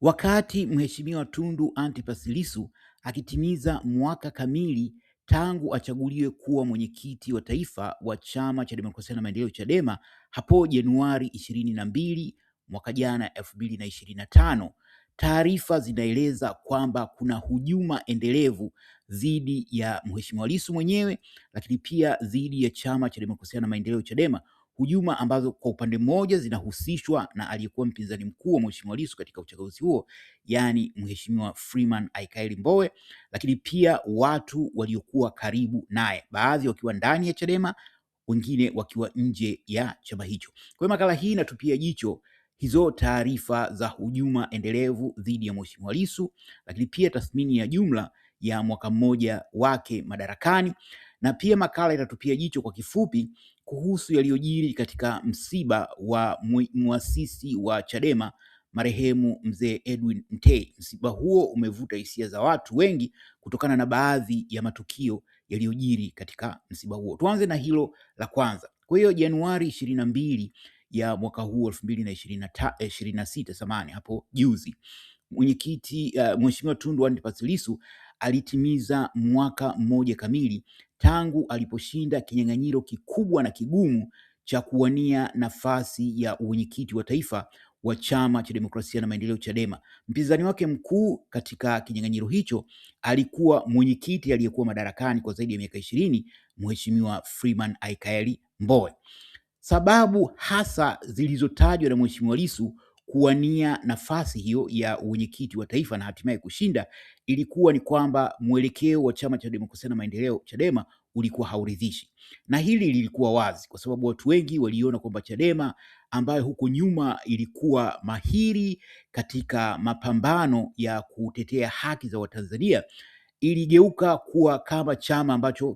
Wakati Mheshimiwa Tundu Antipas Lissu akitimiza mwaka kamili tangu achaguliwe kuwa mwenyekiti wa taifa wa Chama cha Demokrasia na Maendeleo Chadema hapo Januari ishirini na mbili mwaka jana elfu mbili na ishirini na tano, taarifa zinaeleza kwamba kuna hujuma endelevu dhidi ya Mheshimiwa Lissu mwenyewe, lakini pia dhidi ya Chama cha Demokrasia na Maendeleo Chadema hujuma ambazo kwa upande mmoja zinahusishwa na aliyekuwa mpinzani mkuu wa Mheshimiwa Lissu katika uchaguzi huo, yaani Mheshimiwa Freeman Aikaeli Mbowe, lakini pia watu waliokuwa karibu naye, baadhi wakiwa ndani ya Chadema, wengine wakiwa nje ya chama hicho. Kwa hiyo makala hii inatupia jicho hizo taarifa za hujuma endelevu dhidi ya Mheshimiwa Lissu, lakini pia tathmini ya jumla ya mwaka mmoja wake madarakani na pia makala itatupia jicho kwa kifupi kuhusu yaliyojiri katika msiba wa muasisi wa Chadema marehemu mzee Edwin Mtei. Msiba huo umevuta hisia za watu wengi kutokana na baadhi ya matukio yaliyojiri katika msiba huo. Tuanze na hilo la kwanza. Kwa hiyo Januari ishirini na mbili ya mwaka huu elfu mbili na ishirini na eh, sita samani hapo juzi mwenyekiti uh, Mheshimiwa Tundu Antipas Lissu alitimiza mwaka mmoja kamili tangu aliposhinda kinyang'anyiro kikubwa na kigumu cha kuwania nafasi ya uwenyekiti wa taifa wa Chama cha Demokrasia na Maendeleo Chadema. Mpinzani wake mkuu katika kinyang'anyiro hicho alikuwa mwenyekiti aliyekuwa madarakani kwa zaidi ya miaka ishirini, Mheshimiwa Freeman Aikaeli Mbowe. Sababu hasa zilizotajwa na Mheshimiwa Lissu kuwania nafasi hiyo ya uwenyekiti wa taifa na hatimaye kushinda, ilikuwa ni kwamba mwelekeo wa chama cha demokrasia na maendeleo Chadema ulikuwa hauridhishi, na hili lilikuwa wazi kwa sababu watu wengi waliona kwamba Chadema ambayo huko nyuma ilikuwa mahiri katika mapambano ya kutetea haki za Watanzania iligeuka kuwa kama chama ambacho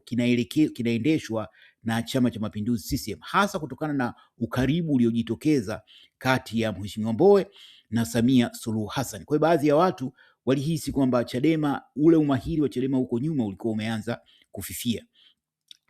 kinaendeshwa na Chama cha Mapinduzi CCM, hasa kutokana na ukaribu uliojitokeza kati ya Mheshimiwa Mbowe na Samia Suluhu Hassan. Kwa hiyo baadhi ya watu walihisi kwamba Chadema, ule umahiri wa Chadema huko nyuma ulikuwa umeanza kufifia,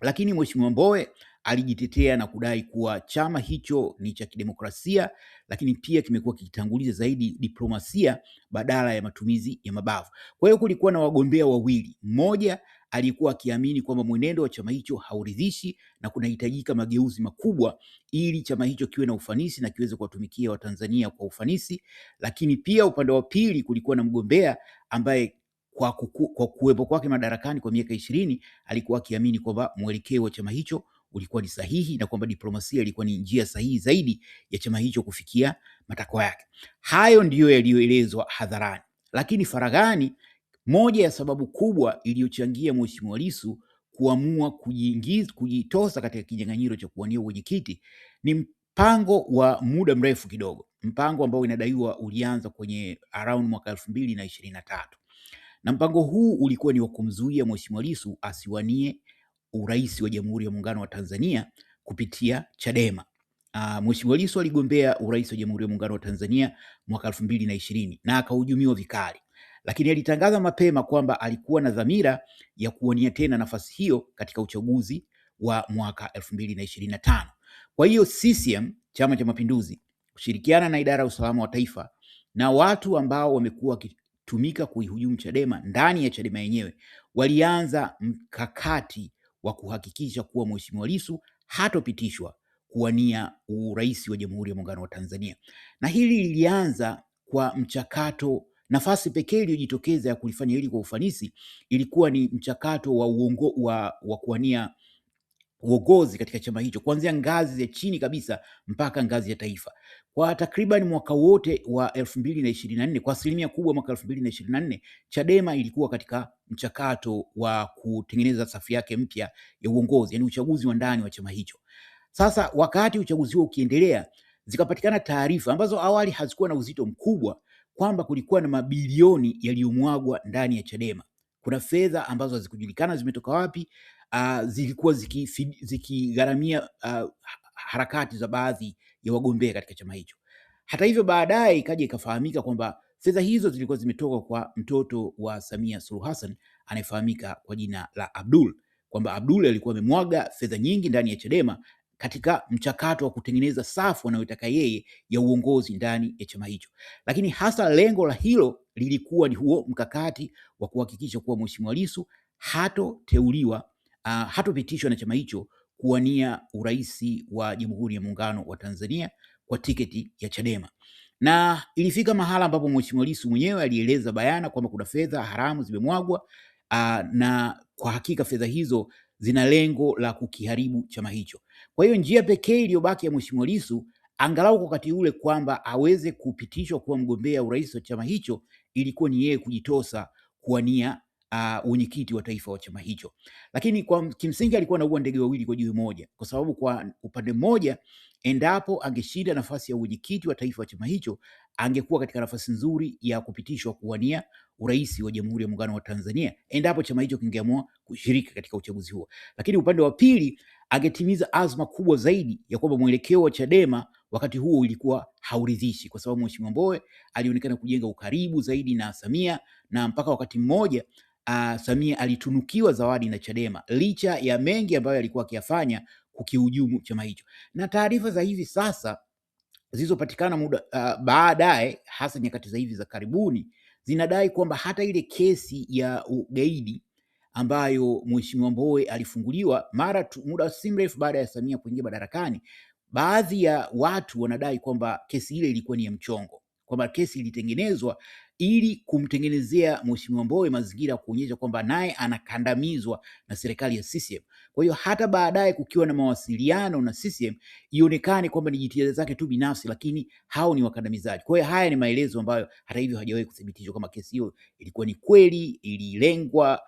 lakini Mheshimiwa Mbowe alijitetea na kudai kuwa chama hicho ni cha kidemokrasia, lakini pia kimekuwa kikitanguliza zaidi diplomasia badala ya matumizi ya mabavu. Kwa hiyo kulikuwa na wagombea wawili, mmoja alikuwa akiamini kwamba mwenendo wa chama hicho hauridhishi na kunahitajika mageuzi makubwa ili chama hicho kiwe na ufanisi na kiweze kuwatumikia Watanzania kwa ufanisi. Lakini pia upande wa pili kulikuwa na mgombea ambaye kwa, kuku, kwa kuwepo kwake madarakani kwa miaka ishirini alikuwa akiamini kwamba mwelekeo wa chama hicho ulikuwa ni sahihi na kwamba diplomasia ilikuwa ni njia sahihi zaidi ya chama hicho kufikia matakwa yake. Hayo ndiyo yaliyoelezwa hadharani, lakini faraghani moja ya sababu kubwa iliyochangia Mheshimiwa Lissu kuamua kujitosa katika kinyang'anyiro cha kuwania uwenyekiti ni mpango wa muda mrefu kidogo, mpango ambao inadaiwa ulianza kwenye around mwaka elfu mbili na ishirini na tatu na mpango huu ulikuwa ni wa kumzuia Mheshimiwa Lissu asiwanie urais wa Jamhuri ya Muungano wa Tanzania kupitia Chadema. Ah, Mheshimiwa Lissu aligombea urais wa Jamhuri ya Muungano wa Tanzania mwaka elfu mbili na ishirini na akahujumiwa vikali lakini alitangaza mapema kwamba alikuwa na dhamira ya kuwania tena nafasi hiyo katika uchaguzi wa mwaka elfu mbili na ishirini na tano. Kwa hiyo CCM, Chama cha Mapinduzi, kushirikiana na idara ya usalama wa taifa na watu ambao wamekuwa wakitumika kuihujumu Chadema ndani ya Chadema yenyewe walianza mkakati wa kuhakikisha kuwa Mheshimiwa Lissu hatopitishwa kuwania urais wa Jamhuri ya Muungano wa Tanzania, na hili lilianza kwa mchakato Nafasi pekee iliyojitokeza ya kulifanya hili kwa ufanisi ilikuwa ni mchakato wa uongo, wa, wa kuwania uongozi katika chama hicho kuanzia ngazi ya chini kabisa mpaka ngazi ya taifa. Kwa takriban mwaka wote wa elfu mbili na ishirini na nne kwa asilimia kubwa mwaka elfu mbili na ishirini na nne Chadema ilikuwa katika mchakato wa kutengeneza safu yake mpya ya uongozi, yani uchaguzi wa ndani wa chama hicho. Sasa wakati uchaguzi huo ukiendelea, zikapatikana taarifa ambazo awali hazikuwa na uzito mkubwa kwamba kulikuwa na mabilioni yaliyomwagwa ndani ya Chadema. Kuna fedha ambazo hazikujulikana zimetoka wapi, uh, zilikuwa zikigharamia ziki uh, ah, harakati za baadhi ya wagombea katika chama hicho. Hata hivyo, baadaye ikaja ikafahamika kwamba fedha hizo zilikuwa zimetoka kwa mtoto wa Samia Suluhu Hassan anayefahamika kwa jina la Abdul, kwamba Abdul alikuwa amemwaga fedha nyingi ndani ya Chadema katika mchakato wa kutengeneza safu anayotaka yeye ya uongozi ndani ya chama hicho. Lakini hasa lengo la hilo lilikuwa ni huo mkakati wa kuhakikisha kuwa Mheshimiwa Lissu hatoteuliwa, uh, hatopitishwa na chama hicho kuwania urais wa Jamhuri ya Muungano wa Tanzania kwa tiketi ya Chadema na ilifika mahala ambapo Mheshimiwa Lissu mwenyewe alieleza bayana kwamba kuna fedha haramu zimemwagwa, na kwa hakika fedha hizo zina lengo la kukiharibu chama hicho. Kwa hiyo njia pekee iliyobaki ya Mheshimiwa Lissu angalau kwa wakati ule kwamba aweze kupitishwa kuwa mgombea urais wa chama hicho ilikuwa ni yeye kujitosa kuwania uwenyekiti uh, wa taifa wa chama hicho, lakini kwa kimsingi alikuwa anaua ndege wawili kwa jiwe moja, kwa sababu kwa upande mmoja, endapo angeshinda nafasi ya uwenyekiti wa taifa wa chama hicho, angekuwa katika nafasi nzuri ya kupitishwa kuwania urais wa Jamhuri ya Muungano wa Tanzania endapo chama hicho kingeamua kushiriki katika uchaguzi huo. Lakini upande wa pili, angetimiza azma kubwa zaidi ya kwamba mwelekeo wa Chadema wakati huo ulikuwa hauridhishi, kwa sababu Mheshimiwa Mbowe alionekana kujenga ukaribu zaidi na Samia na mpaka wakati mmoja uh, Samia alitunukiwa zawadi na Chadema licha ya mengi ambayo alikuwa akiyafanya kukihujumu chama hicho, na taarifa za hivi sasa zilizopatikana muda uh, baadaye, hasa nyakati za hivi za karibuni zinadai kwamba hata ile kesi ya ugaidi ambayo Mheshimiwa Mbowe alifunguliwa mara tu, muda si mrefu baada ya Samia kuingia madarakani, baadhi ya watu wanadai kwamba kesi ile ilikuwa ni ya mchongo kwamba kesi ilitengenezwa ili kumtengenezea Mheshimiwa Mbowe mazingira ya kuonyesha kwamba naye anakandamizwa na serikali ya CCM. Kwa hiyo hata baadaye kukiwa na mawasiliano na CCM ionekane kwamba ni jitihada zake tu binafsi, lakini hao ni wakandamizaji. Kwa hiyo haya ni maelezo ambayo hata hivyo hajawahi kuthibitishwa kama kesi hiyo ilikuwa ni kweli, ililengwa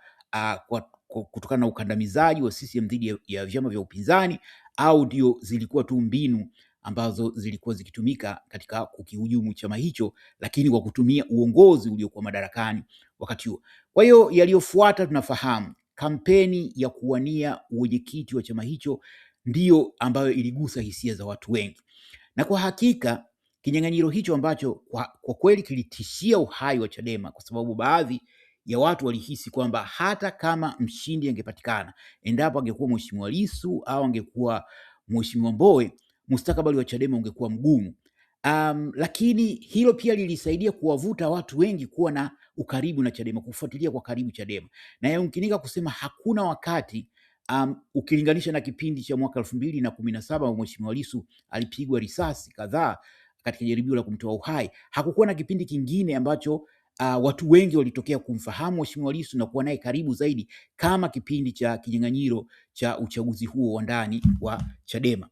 uh, kutokana na ukandamizaji wa CCM dhidi ya vyama vya upinzani au ndio zilikuwa tu mbinu ambazo zilikuwa zikitumika katika kukihujumu chama hicho, lakini kwa kutumia uongozi uliokuwa madarakani wakati huo. Kwa hiyo yaliyofuata tunafahamu, kampeni ya kuwania uwenyekiti wa chama hicho ndiyo ambayo iligusa hisia za watu wengi, na kwa hakika kinyang'anyiro hicho ambacho kwa, kwa kweli kilitishia uhai wa Chadema kwa sababu baadhi ya watu walihisi kwamba hata kama mshindi angepatikana, endapo angekuwa Mheshimiwa Lissu au angekuwa Mheshimiwa Mbowe, mustakabali wa Chadema ungekuwa mgumu. Um, lakini hilo pia lilisaidia kuwavuta watu wengi kuwa na ukaribu na Chadema, kufuatilia kwa karibu Chadema, na yamkinika kusema hakuna wakati um, ukilinganisha na kipindi cha mwaka elfu mbili na kumi na saba Mheshimiwa Lissu alipigwa risasi kadhaa katika jaribio la kumtoa uhai. Hakukuwa na kipindi kingine ambacho uh, watu wengi walitokea kumfahamu Mheshimiwa Lissu na kuwa naye karibu zaidi kama kipindi cha kinyang'anyiro cha uchaguzi huo wa ndani wa Chadema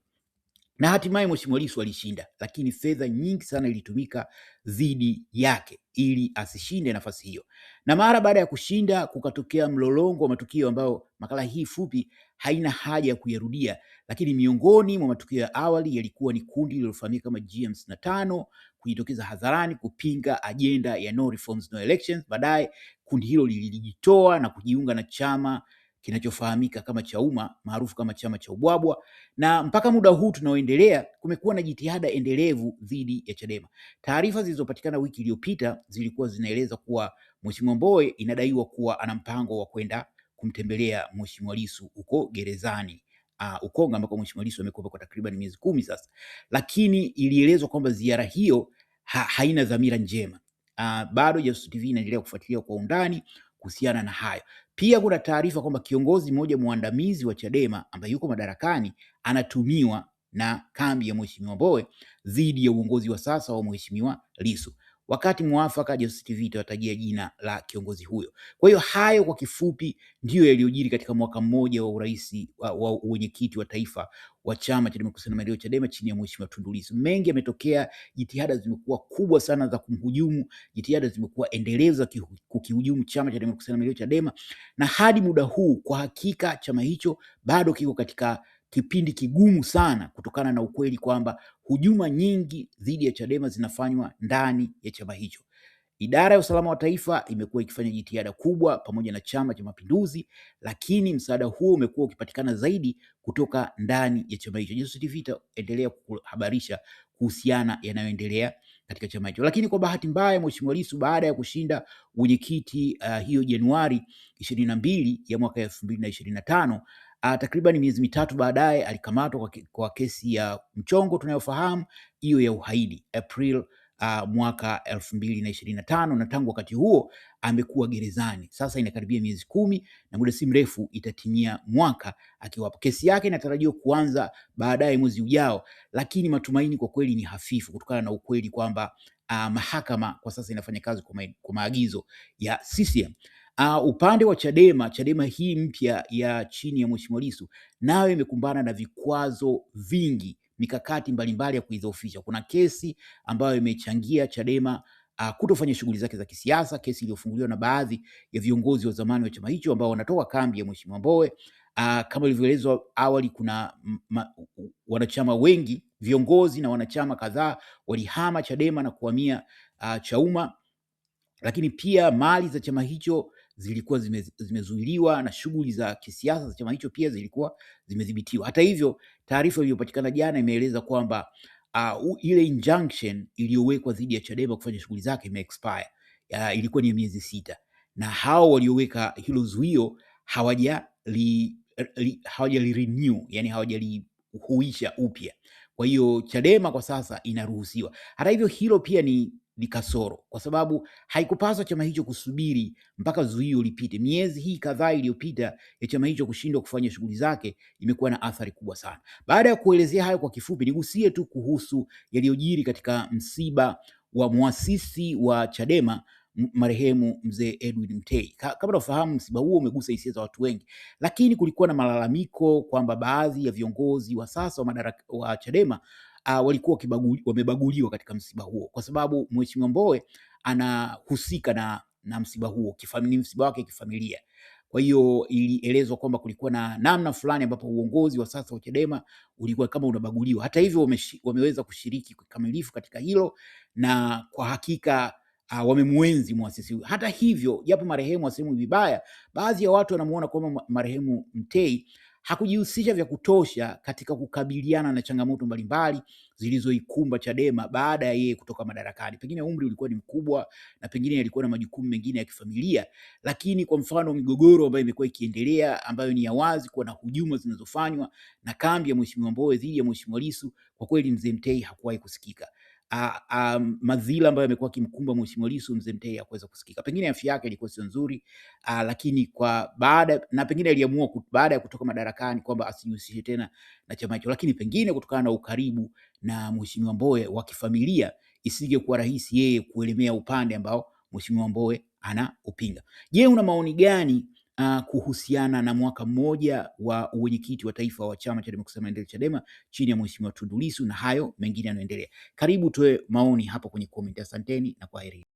na hatimaye Mheshimiwa Lissu alishinda, lakini fedha nyingi sana ilitumika dhidi yake ili asishinde nafasi hiyo. Na mara baada ya kushinda, kukatokea mlolongo wa matukio ambayo makala hii fupi haina haja ya kuyarudia, lakini miongoni mwa matukio ya awali yalikuwa ni kundi lililofahamika kama G55 kujitokeza hadharani kupinga ajenda ya no reforms no elections. Baadaye kundi hilo lilijitoa na kujiunga na chama kinachofahamika kama cha umma maarufu kama chama cha ubwabwa, na mpaka muda huu tunaoendelea, kumekuwa na jitihada endelevu dhidi ya Chadema. Taarifa zilizopatikana wiki iliyopita zilikuwa zinaeleza kuwa Mheshimiwa Mbowe inadaiwa kuwa ana mpango wa kwenda kumtembelea Mheshimiwa Lissu huko gerezani uh, Ukonga ambako Mheshimiwa Lissu amekuwa kwa takriban miezi kumi sasa, lakini ilielezwa kwamba ziara hiyo ha, haina dhamira njema. Uh, bado Jasusi TV inaendelea kufuatilia kwa undani kuhusiana na hayo. Pia kuna taarifa kwamba kiongozi mmoja mwandamizi wa Chadema ambaye yuko madarakani anatumiwa na kambi ya Mheshimiwa Mbowe dhidi ya uongozi wa sasa wa Mheshimiwa Lissu wakati mwafaka Jose TV itawatajia jina la kiongozi huyo. Kwa hiyo hayo kwa kifupi ndiyo yaliyojiri katika mwaka mmoja wa urais wa, wa uwenyekiti wa taifa wa chama cha demokrasia na maendeleo Chadema chini ya mheshimiwa Tundu Lissu. Mengi yametokea, jitihada zimekuwa kubwa sana za kumhujumu, jitihada zimekuwa endeleza kukihujumu chama cha demokrasia na maendeleo Chadema, na hadi muda huu kwa hakika chama hicho bado kiko katika kipindi kigumu sana kutokana na ukweli kwamba hujuma nyingi dhidi ya Chadema zinafanywa ndani ya chama hicho. Idara ya usalama wa taifa imekuwa ikifanya jitihada kubwa pamoja na Chama cha Mapinduzi, lakini msaada huo umekuwa ukipatikana zaidi kutoka ndani ya chama hicho. Jasusi TV itaendelea kuhabarisha kuhusiana yanayoendelea katika chama hicho. Lakini kwa bahati mbaya, Mheshimiwa Lissu baada ya kushinda wenyekiti uh, hiyo Januari ishirini na mbili ya mwaka elfu mbili na ishirini na tano Ah, takriban miezi mitatu baadaye alikamatwa kwa, kwa kesi ya mchongo tunayofahamu hiyo ya uhaidi April uh, mwaka elfu mbili na ishirini na tano na tangu wakati huo amekuwa gerezani. Sasa inakaribia miezi kumi na muda si mrefu itatimia mwaka akiwapo. Kesi yake inatarajiwa kuanza baadaye mwezi ujao, lakini matumaini kwa kweli ni hafifu kutokana na ukweli kwamba uh, mahakama kwa sasa inafanya kazi kwa maagizo ya CCM. Uh, upande wa Chadema, Chadema hii mpya ya chini ya Mheshimiwa Lissu nayo imekumbana na vikwazo vingi, mikakati mbalimbali ya kuidhoofisha. Kuna kesi ambayo imechangia Chadema uh, kutofanya shughuli zake za kisiasa, kesi iliyofunguliwa na baadhi ya viongozi wa zamani wa chama hicho ambao wanatoka kambi ya Mheshimiwa Mbowe. Uh, kama ilivyoelezwa awali, kuna wanachama wengi, viongozi na wanachama kadhaa walihama Chadema na kuhamia uh, Chauma, lakini pia mali za chama hicho zilikuwa zime, zimezuiliwa na shughuli za kisiasa za chama hicho pia zilikuwa zimedhibitiwa. Hata hivyo, taarifa iliyopatikana jana imeeleza kwamba uh, ile injunction iliyowekwa dhidi ya Chadema kufanya shughuli zake ime expire. Uh, ilikuwa ni miezi sita na hao walioweka hilo zuio hawajali li renew, yani hawajalihuisha upya. Kwa hiyo Chadema kwa sasa inaruhusiwa. Hata hivyo, hilo pia ni ni kasoro, kwa sababu haikupaswa chama hicho kusubiri mpaka zuio lipite. Miezi hii kadhaa iliyopita ya chama hicho kushindwa kufanya shughuli zake imekuwa na athari kubwa sana. Baada ya kuelezea hayo kwa kifupi, nigusie tu kuhusu yaliyojiri katika msiba wa mwasisi wa Chadema marehemu mzee Edwin Mtei. Kama unafahamu, msiba huo umegusa hisia za watu wengi, lakini kulikuwa na malalamiko kwamba baadhi ya viongozi wa sasa wa madaraka wa Chadema uh, walikuwa wamebaguliwa katika msiba huo, kwa sababu Mheshimiwa Mbowe anahusika na, na msiba huo ni msiba wake kifamilia. Kwa hiyo ilielezwa kwamba kulikuwa na namna fulani ambapo uongozi wa sasa wa Chadema ulikuwa kama unabaguliwa. Hata hivyo wameweza kushiriki kikamilifu katika hilo na kwa hakika Uh, wamemwenzi muasisi Hata hivyo, japo marehemu asemwi vibaya, baadhi ya watu wanamuona kama marehemu Mtei hakujihusisha vya kutosha katika kukabiliana na changamoto mbalimbali zilizoikumba Chadema baada ya yeye kutoka madarakani. Pengine umri ulikuwa ni mkubwa na pengine alikuwa na majukumu mengine ya kifamilia, lakini kwa mfano migogoro ambayo imekuwa ikiendelea ambayo ni ya wazi kuwa na hujuma zinazofanywa na kambi ya Mheshimiwa Mbowe dhidi ya Mheshimiwa Lissu, kwa kweli mzee Mtei hakuwahi kusikika madhila ambayo yamekuwa akimkumba Mheshimiwa Lissu, Mzee Mtei hakuweza kusikika. Pengine afya yake ilikuwa sio nzuri, lakini kwa baada na pengine aliamua baada ya kutoka madarakani kwamba asijihusishe tena na chama hicho, lakini pengine kutokana na ukaribu na Mheshimiwa Mbowe wa kifamilia, isije kuwa rahisi yeye kuelemea upande ambao Mheshimiwa Mbowe ana upinga. Je, una maoni gani uh, kuhusiana na mwaka mmoja wa uwenyekiti wa taifa wa chama cha demokrasia na maendeleo Chadema chini ya mheshimiwa Tundu Lissu na hayo mengine yanayoendelea. Karibu toe maoni hapo kwenye comment. Asanteni na kwaheri.